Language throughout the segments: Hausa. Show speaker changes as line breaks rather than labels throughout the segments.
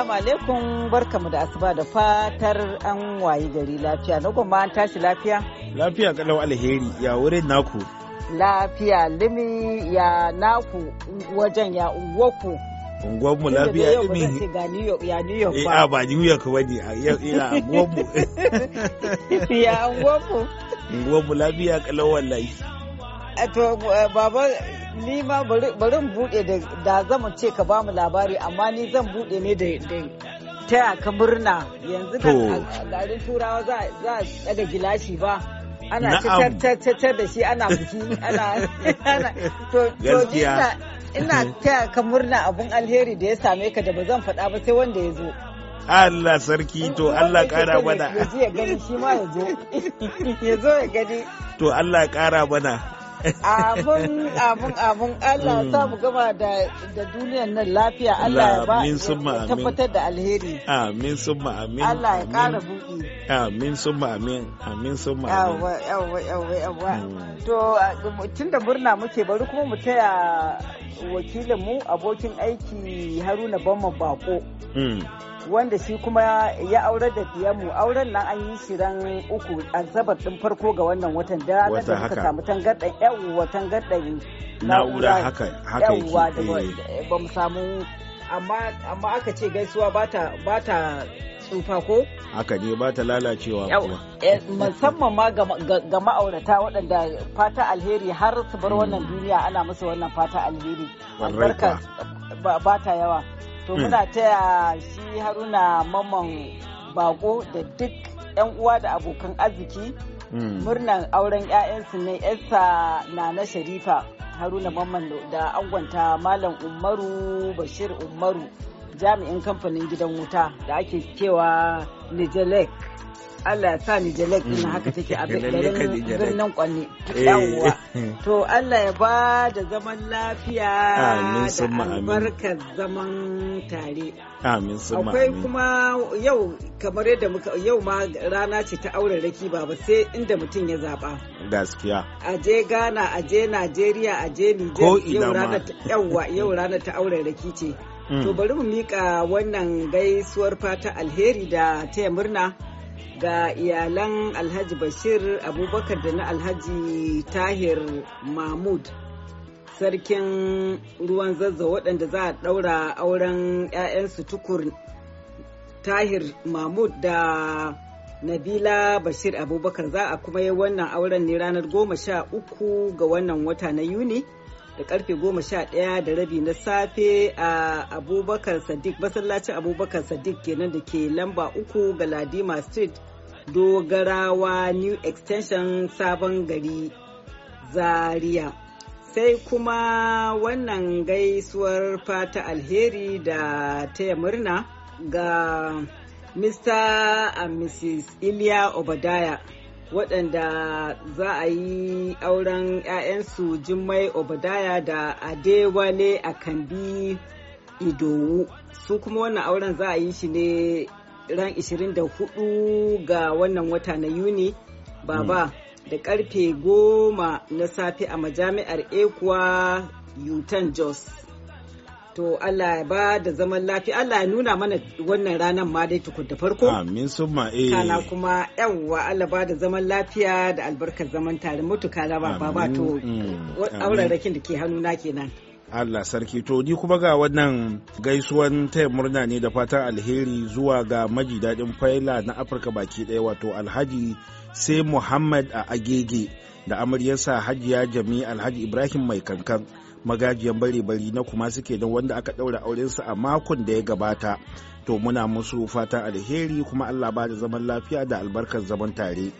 Assalamu alaikum barkamu da asuba da fatar an wayi gari lafiya. Na gwamma an tashi lafiya?
Lafiya kalau alheri ya wurin naku.
Lafiya limi ya naku wajen ya unguwaku.
Unguwanmu lafiya limi. ya
New York eh, ba.
Eh ba New York wani ina unguwanmu.
Ya unguwanmu.
Unguwanmu lafiya kalau wallahi.
Eh, to eh, baba ni ma bari mu bude da zama ce ka ba mu labari amma ni zan bude ne da taya ka murna yanzu ga garin turawa za a daga gilashi ba ana cacar da shi ana buki ana to ina ina taya ka murna abun alheri da ya same ka da ba zan faɗa ba sai wanda ya zo
Allah sarki to Allah kara mana ya zo ya gani shi ma ya zo ya zo ya gani to Allah kara mana abun abun
abun Allah hmm. sa mu gama da da duniyar nan lafiya Allah ya ba tabbatar da alheri
amin summa amin Allah ya kara buɗi amin summa amin amin summa amin yawa
yawa yawa yawa hmm. to tunda murna muke bari kuma mu taya wakilin mu abokin aiki Haruna Bamman Bako hmm. wanda shi kuma ya aurar da diyanmu auren nan an yi shi ran uku asabar din farko ga wannan watan da ranar da suka samu tangardan yawwa tangardan
na'ura haka haka yake
eh. Eh, ba mu samu amma amma aka ce gaisuwa bata bata tsufa ko
haka ne ba ta lalacewa kuma
eh, musamman ma ga ma'aurata waɗanda fata alheri har su bar wannan mm. duniya ana musu wannan fata alheri
albarka
ba ta yawa to hmm. muna taya shi haruna mamman bako da duk 'yan uwa da abokan arziki hmm. murnan auren 'ya'yansu ne yasa na na sharifa haruna mamman da angonta malam umaru bashir umaru jami'in kamfanin gidan wuta da ake cewa nijelek Allah ya sa jalek din mm. haka take a birnin kwanne. Eh. Yawwa. To Allah ya ba da zaman lafiya
da albarkar
zaman tare.
Amin summa Akwai
kuma yau kamar yadda muka yau ma rana ce ta aure raki baba sai inda mutum ya zaba. Gaskiya. Aje Ghana, aje Najeriya, aje Nijar. Yau rana ta yawwa yau rana ta aure raki ce. Mm. To bari mu mika wannan gaisuwar fata alheri da taya murna. ga iyalan alhaji bashir abubakar da na alhaji tahir mahmud sarkin ruwan zazza waɗanda za a ɗaura auren 'ya'yansu tukur tahir mahmud da nabila bashir abubakar za a kuma yi wannan auren ne ranar goma sha uku ga wannan wata na yuni da karfe goma sha ɗaya da rabi na safe a abubakar sadiq masallacin abubakar sadiq kenan da ke lamba uku ga ladima street dogarawa new extension sabon gari zaria sai kuma wannan gaisuwar fata alheri da taya murna ga mr and mrs iliya obadaya waɗanda za a yi auren 'ya'yansu Jummai Obadaya da Adewale Akambi Idowu. Su kuma wannan auren za a yi shi ne ran 24 ga wannan wata na Yuni. Baba hmm. da karfe goma na safe a majami'ar Ekuwa utan Jos. To Allah ya ba da zaman lafiya Allah ya nuna mana wannan ranar ma dai tukun da farko.
Amin summa eh. Kana
kuma yawwa Allah ba da zaman lafiya da albarkar zaman tare mutuka ba ba to
mm, aurarakin
da ke na kenan.
Allah sarki to ni kuma ga wannan gaisuwan taya murna ne da fatan alheri zuwa ga maji daɗin faila na Afirka baki ɗaya wato Alhaji sai Muhammad a Agege da amaryarsa Hajiya Jami Alhaji Ibrahim Mai Kankan. magajiyan bari bari na kuma suke don wanda aka ɗaura aurensa a makon da ya gabata to muna musu fatan alheri kuma allah ba da zaman lafiya da albarkar zaman tare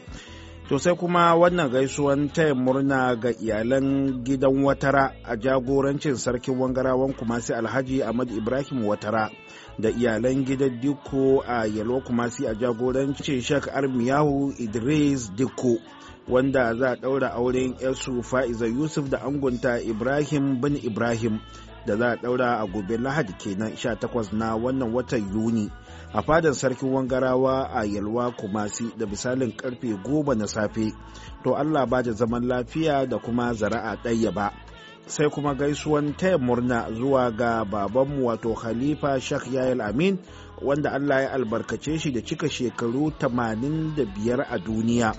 to sai kuma wannan gaisuwan taya murna ga iyalan gidan watara a jagorancin sarkin wangarawan kumasi alhaji ahmad ibrahim watara da iyalan gidan diko a yalwa kumasi a jagorancin shek armiyahu idris dikko wanda za a ɗaura auren yarsu fa'iza yusuf da angunta ibrahim bin ibrahim da za a ɗaura a gobe lahadi kenan 18 na wannan watan yuni a fadar sarkin wangarawa a yalwa kumasi da misalin karfe 10 na safe to allah ba da zaman lafiya da kuma zara'a ɗaya ba sai kuma gaisuwan taya murna zuwa ga babanmu wato khalifa shak yayal amin wanda Allah ya albarkace shi da cika shekaru 85 a duniya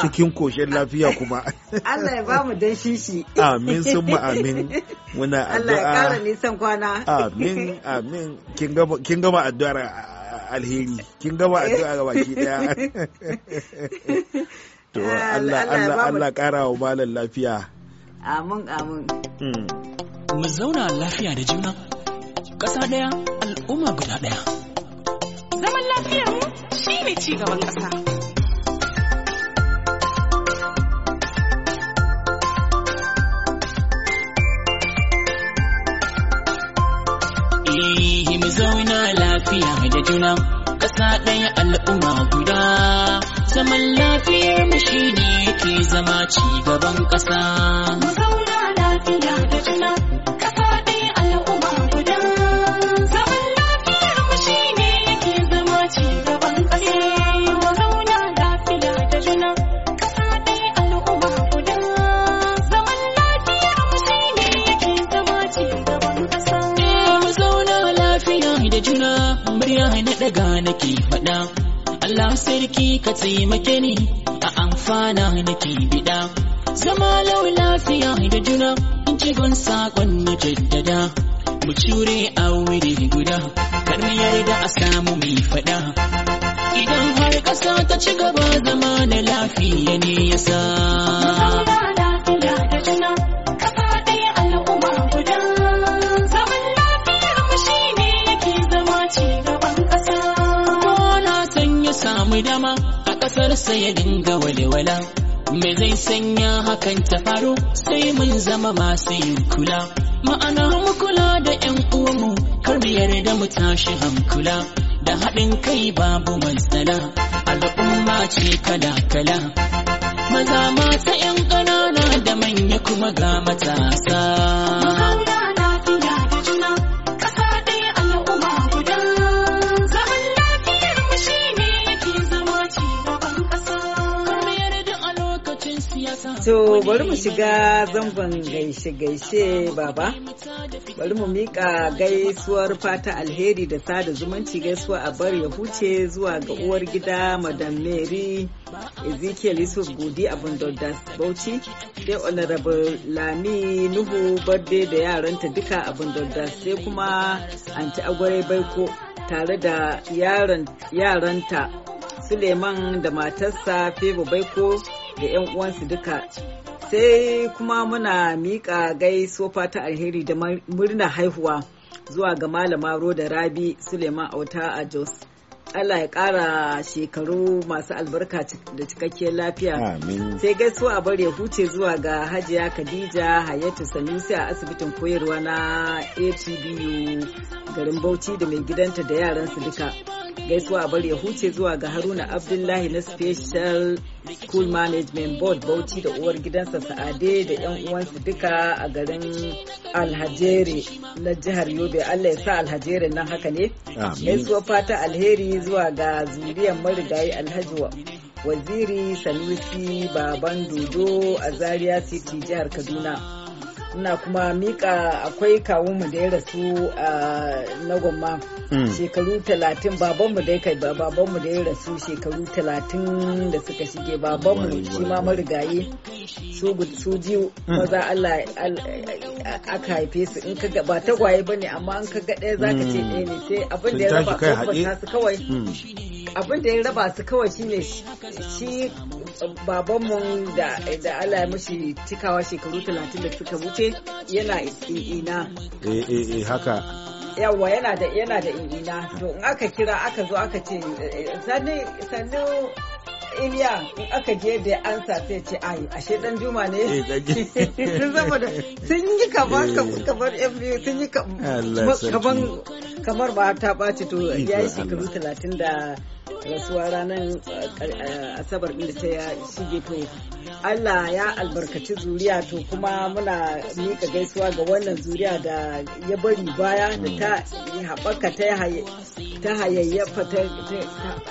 cikin koshin lafiya kuma
Allah ya bamu
dan shishi amin sun mu amin muna addu'a Allah ya kara
nisan kwana amin amin
kin gama addu'ar alheri kin gama addu'a ga baki daya to Allah Allah Allah kara wa malam lafiya
amin amin
hmm. mu zauna lafiya da juna
Kasa ɗaya,
al'umma guda ɗaya.
Zaman lafiyar mu shi ne ci gaban ƙasa.
mu zauna lafiya da juna ƙasa ɗaya al'umma guda zaman lafiyar mu ne ke zama ci gaban ƙasa. murya na daga nake faɗa Allah sarki ka taimake ni a amfana nake bida zama lau lafiya da juna in ci gon sakon na jaddada mu cure a wuri guda kar mu yarda a samu mai faɗa idan har ƙasa ta ci gaba
zama na lafiya ne yasa.
dama a ƙasarsa ya dinga walewala me zai sanya hakan ta faru sai mun zama masu yin kula ma'ana mu kula da 'yan uwanmu kar mu yarda mu tashi hankula da haɗin kai babu matsala al'umma ce kala-kala maza mata 'yan ƙanana da manya kuma ga matasa
bari mu shiga zangon gaishe-gaishe baba bari mu miƙa gaisuwar fata alheri da sada zumunci gaisuwa a bar ya huce zuwa ga uwar gida madam mary ezekiel yusuf gudi abin dondas bauchi sai honorable lami nuhu birthday da yaranta duka abin dondas sai kuma anti agwarai baiko tare da yaranta suleiman da matarsa febo baiko da 'yan uwansu duka sai kuma muna miƙa gaisofa ta alheri da murna haihuwa zuwa ga malama roda rabi suleiman auta a jos Allah ya ƙara shekaru masu albarka da cikakkiyar lafiya. Sai gaisuwa a bare huce zuwa ga Hajiya Khadija Hayatu Sanusi a asibitin koyarwa na ATBU garin Bauchi da mai gidanta da yaransu duka. gaisuwa a bari ya huce zuwa ga haruna abdullahi na special school management board bauchi da uwar gidansa sa'ade da yan uwansu duka a garin alhajere na jihar yobe allah ya sa alhajere nan haka ne gaisuwa fata alheri zuwa ga zuriyar marigayi alhaji waziri sanusi baban dodo a zaria city jihar kaduna ina kuma mika akwai kawunmu da ya rasu a na gwamma hmm. shekaru talatin babanmu da ya kai babanmu da ya rasu shekaru talatin da suka shige babanmu shi ma marigayi su ji hmm. maza Allah aka haife su in kaga ba tagwaye bane amma in kaga ɗaya zaka ce hmm. ɗaya ne sai abin da ya raba tabbata su kawai abin da ya raba su kawai shine shi babanmu da Allah ya mashi cikawa shekaru talatin da suka wuce yana ina.
Eh eh eh haka.
yawa yana da yana da ina to in aka kira aka zo aka ce sannu sannu Iliya in aka je da ansa sai ce ai ashe dan juma ne
sun
zama da sun yi kaman eh. kamar yan biyu sun yi kaman kamar ba ta ɓaci to ya yi shekaru talatin da rasuwa ranar eh, asabar da ta shige to Allah ya albarkaci zuriya to kuma muna mika gaisuwa ga wannan zuriya da ya bari baya da ta haɓaka ta hayayyafa ta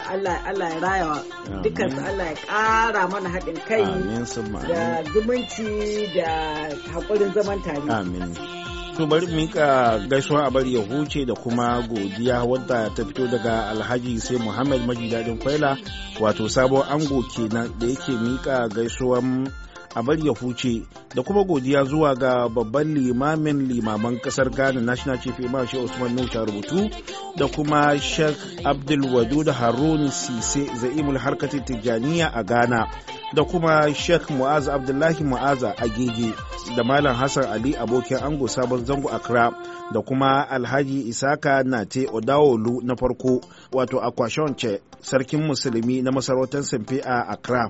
Allah ya rayawa
dukansu Allah
ya ƙara mana haɗin kai da zumunci da haƙurin zaman tare.
Amin. To bari miƙa gaisuwar a bari ya huce da kuma godiya wadda ta fito daga Alhaji sai Muhammad maji dadin kwaila wato sabon ango kenan da yake mika gaisuwar a ya huce da kuma godiya zuwa ga babban limamin limaman ƙasar Ghana National Chief Imam Sheikh Usman Nuta rubutu da kuma Sheikh Abdul Wadud Harun Sise za'imul harkatin Tijjaniya a Ghana. da kuma Sheikh Mu'az Abdullahi Mu'aza Agege da Malam Hassan Ali abokin ango sabon zango Accra da kuma Alhaji Isaka Nate Odawolu na farko wato Akwashonce sarkin musulmi na masarautar Simfe a Accra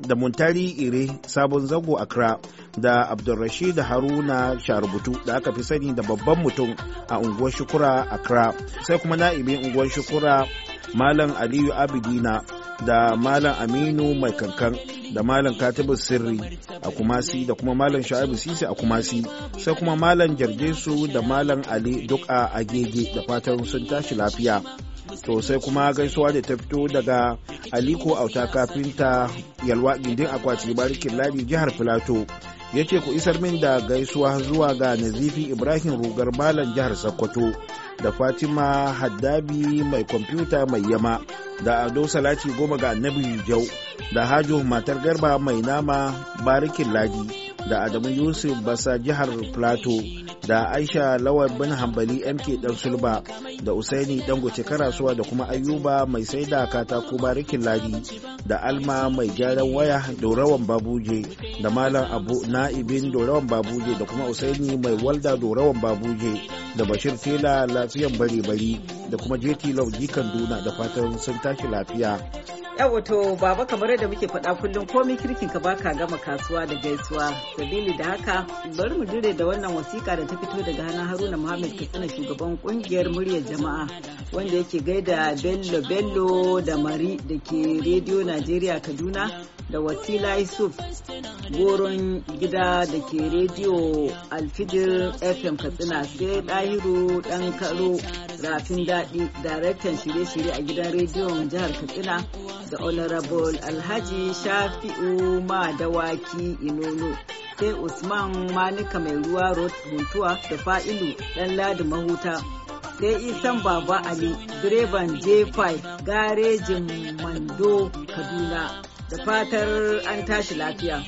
da Muntari Ire sabon zango Accra da Abdulrashid Haruna Sharubutu da aka fi sani da babban mutum a unguwar Shukura Accra sai kuma na'ibin unguwar Shukura Malam Aliyu Abidina da malam aminu mai kankan da malam katibu sirri a kumasi da kuma malam sha'ibu sisi a kumasi sai kuma malam su da malam ali duk a agege da fatan sun tashi lafiya to sai kuma gaisuwa da ta fito daga aliko auta kafinta yalwa gindin akwati barikin ladi jihar filato ya ce ku isar min da gaisuwa zuwa ga nazifi ibrahim rugar malam jihar sokoto da fatima haddabi mai kwamfuta mai yama da ado salati goma ga annabi jau da hajo matar garba mai nama barikin ladi da Adamu Yusuf Basa jihar Plateau da Aisha Lawal bin Hambali MK Dan Sulba da Usaini Dangote Karasuwa da kuma Ayuba mai sai saida katako barikin ladi da Alma mai gyaran waya Dorawan Babuje da Malam Abu Na'ibin Dorawan Babuje da kuma Usaini mai walda Dorawan Babuje da Bashir Tela lafiyan bare-bari da kuma jeti Lau Jikan Duna da fatan sun tashi lafiya.
yau wato baba kamar yadda muke faɗa kullum komai kirkin ka baka gama kasuwa da gaisuwa sabili da haka bari mu jure da wannan wasiƙa da ta fito daga hannun haruna muhammad katsina shugaban kungiyar muryar jama'a wanda yake gaida bello bello da mari da ke rediyo najeriya kaduna da wakila yusuf goron gida da ke rediyo alfijir fm katsina sai ɗahiru ɗan karo rafin daɗi daraktan shirye-shirye a gidan rediyon jihar katsina da honorable alhaji shafi'u madawaki inono sai usman manika mai ruwa huntuwa da fa'ilu ɗan ladi mahuta sai isan baba ali direban j5 garejin mando kaduna da fatar an tashi lafiya.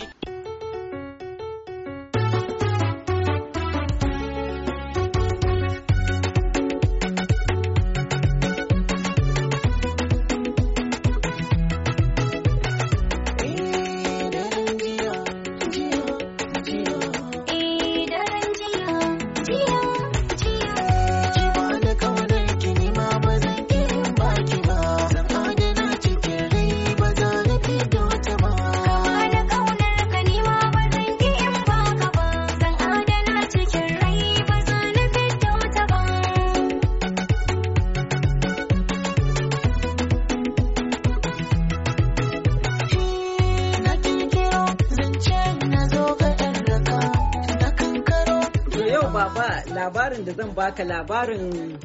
labarin da zan baka labarin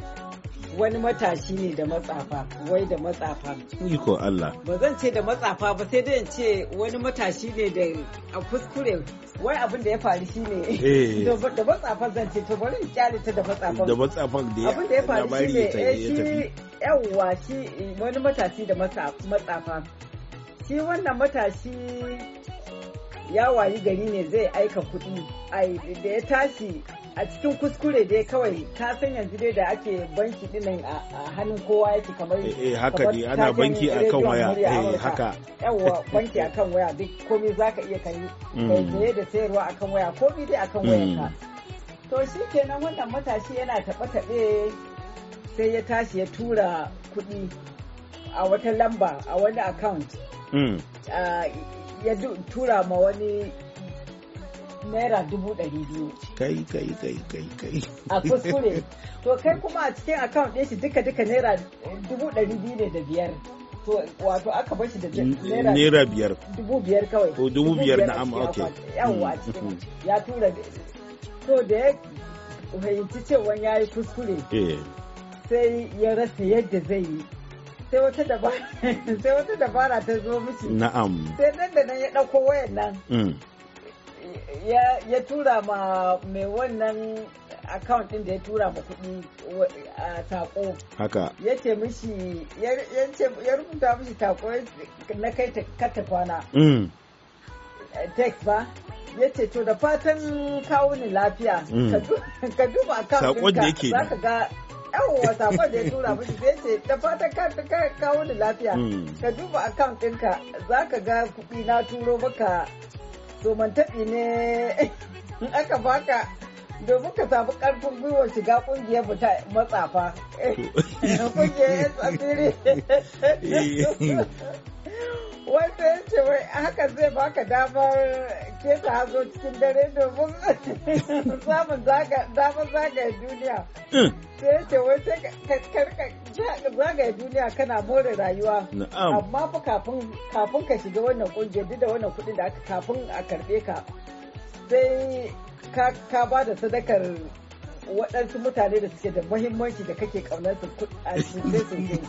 wani matashi ne da matsafa wai da matsafa
iko Allah
ba zan ce da matsafa ba sai dai ce wani matashi ne da a kuskure wai abin da ya faru shine eh. da matsafa zan ce to bari in kyale ta da matsafa da
matsafa da abin da ya faru shine shi eh,
yawwa shi wani matashi da matsafa shi wannan matashi ya wayi gari ne zai aika kuɗi da ya tashi a cikin kuskure dai kawai ka san yanzu dai da ake banki dinnan a hannun kowa yake kamar eh, eh haka dai ana banki a kan waya eh haka yawa banki a kan waya duk komai zaka iya mm. kai kai da sayarwa a kan waya komai dai kan mm. waya to shi kenan wannan matashi yana taɓe-taɓe sai ya tashi ya tura kuɗi a wata lamba a wani account mm. ya tura ma wani naira dubu ɗari biyu.
Kai kai kai kai kai. A kuskure.
To kai kuma a cikin account ɗin shi duka duka naira dubu ɗari biyu ne da biyar. To wato aka bar shi da naira. Naira biyar. Dubu biyar kawai. To dubu biyar na am ok. Yawwa a mm,
cikin mm.
ya tura. da To da ya fahimci cewa ya yi kuskure. Eh. Sai ya rasa yadda zai yi. sai wata dabara sai wata dabara ta zo mishi. na'am sai nan da nan ya ɗauko wayan nan mm. ya tura ma mai wannan account din da ya tura ma kuɗi a tako haka ya ce mishi ya rubuta mishi tako na kai ta kata kwana mm. eh, text ba ya ce to da fatan kawo ni lafiya mm. ka duba account ka za ka ga yawon sakon da ya tura mishi ya ce da fatan kawo ni lafiya mm. ka duba account ka za ka ga kuɗi na turo maka to taɓi ne in aka baka domin ka samu ƙarfin gwiwar shiga ƙungiyar mu ta matsafa kungiyar wanda ya ce wai haka zai baka damar keta hazo cikin dare domin samun damar zagaya duniya hmm. sai ya ce wai zagaya duniya kana more rayuwa amma fa kafin ka shiga wannan kungiyar duk da wannan kudin da aka kafin a karbe ka sai ka ba da sadakar waɗansu mutane da suke da mahimmanci da kake ƙaunar su a cikin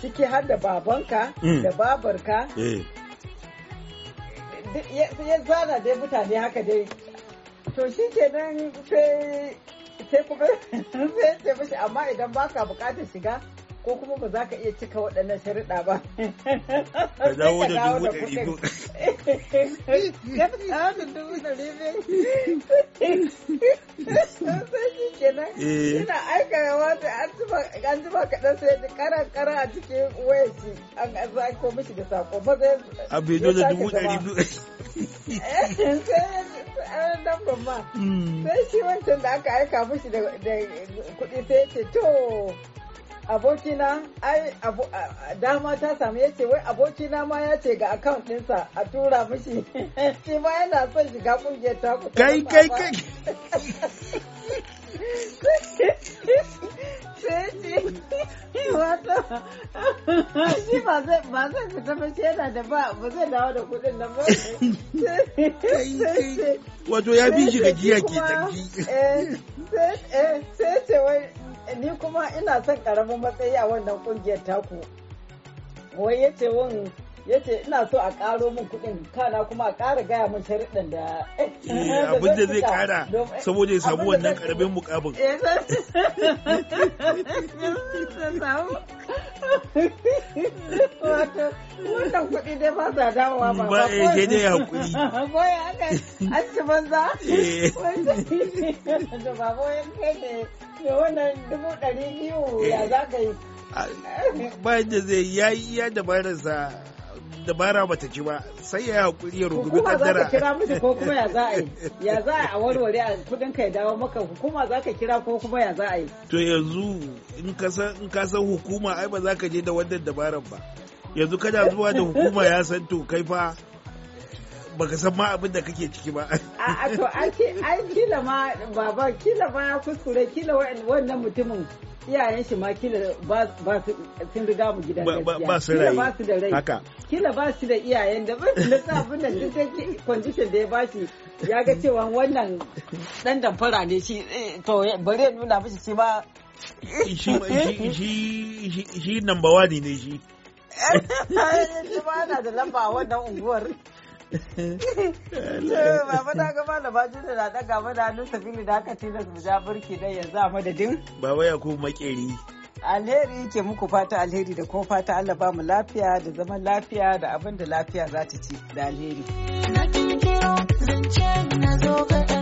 ciki har da babanka mm. da babarka eh. ya zana dai mutane haka dai to shi ke nan sai kuma sai ce mashi amma idan ka bukatar shiga ko kuma ba za ka iya cika waɗannan sharuɗa ba. Ka dawo da dubu ɗari biyu. Eh. Ka dawo da dubu ɗari biyu. Yana aikawa da an zuba kaɗan sai da karan karan a cikin wayar shi an aiko mishi da sako. A bai da dubu ɗari biyu. Eh, an ma hmm. sai shi wancan da aka aika mushi da kuɗi sai ce to abokina ai dama ta samu ya ce wai abokina ma ya ce ga akawun ɗinsa a tura mishi shi ma yana son shiga kungiyar ta kai kai kai shi ba zai fita ba shi yana da ba ba zai dawo da kudin nan ba
wato ya bi shi ga giya ke tafi
eh, eh, sai ce wai ni kuma ina son karamin matsayi a wannan kungiyar taku wai ya ce wani ya ce ina so a karo min kuɗin kana kuma a ƙara gaya min sharuɗin eh, da abin da zai ƙara saboda ya samu wannan ƙaramin mukamin wato eh, wannan kuɗi dai ba sa dawowa ba ba ya eh, je dai hakuri ko ya aka an ci banza ba ya kai ne me wannan dubu ɗari biyu ya za ka yi
eh, bayan da zai ya yi iya dabararsa dabara bata ci ba sai ya hakuri ya rungumi kaddara hukuma za ka kira musu ko kuma ya za a yi ya za
a warware a kudin ka ya dawo maka hukuma za ka kira ko kuma ya za a yi
to yanzu in ka san in ka san hukuma ai ba za ka je da wannan dabaran ba yanzu kada zuwa da hukuma ya san to kai fa baka san ma abin da kake ciki ba a
to ai kila ma baba kila ma ya kuskure kila wannan mutumin iyayen shi ma kila ba su sun riga mu gidan gaskiya ba su rai ba su da rai haka kila ba su da iyayen da ba su da abin da duk take condition da ya bashi ya ga cewa wannan dan damfara ne shi eh, to bare nuna mishi shi ma
shi number 1 ne shi. Shi ma
yana da lamba wannan unguwar. Baba ta ga malama da na daga mana hannun safili da aka tilas mu ja burki dan yanzu a madadin.
Baba ya kuma makeri.
Alheri ke muku fata alheri da kuma fata Allah ba mu lafiya da zaman lafiya da abin da lafiya za ta ci da alheri. Na kiro zance na zo ga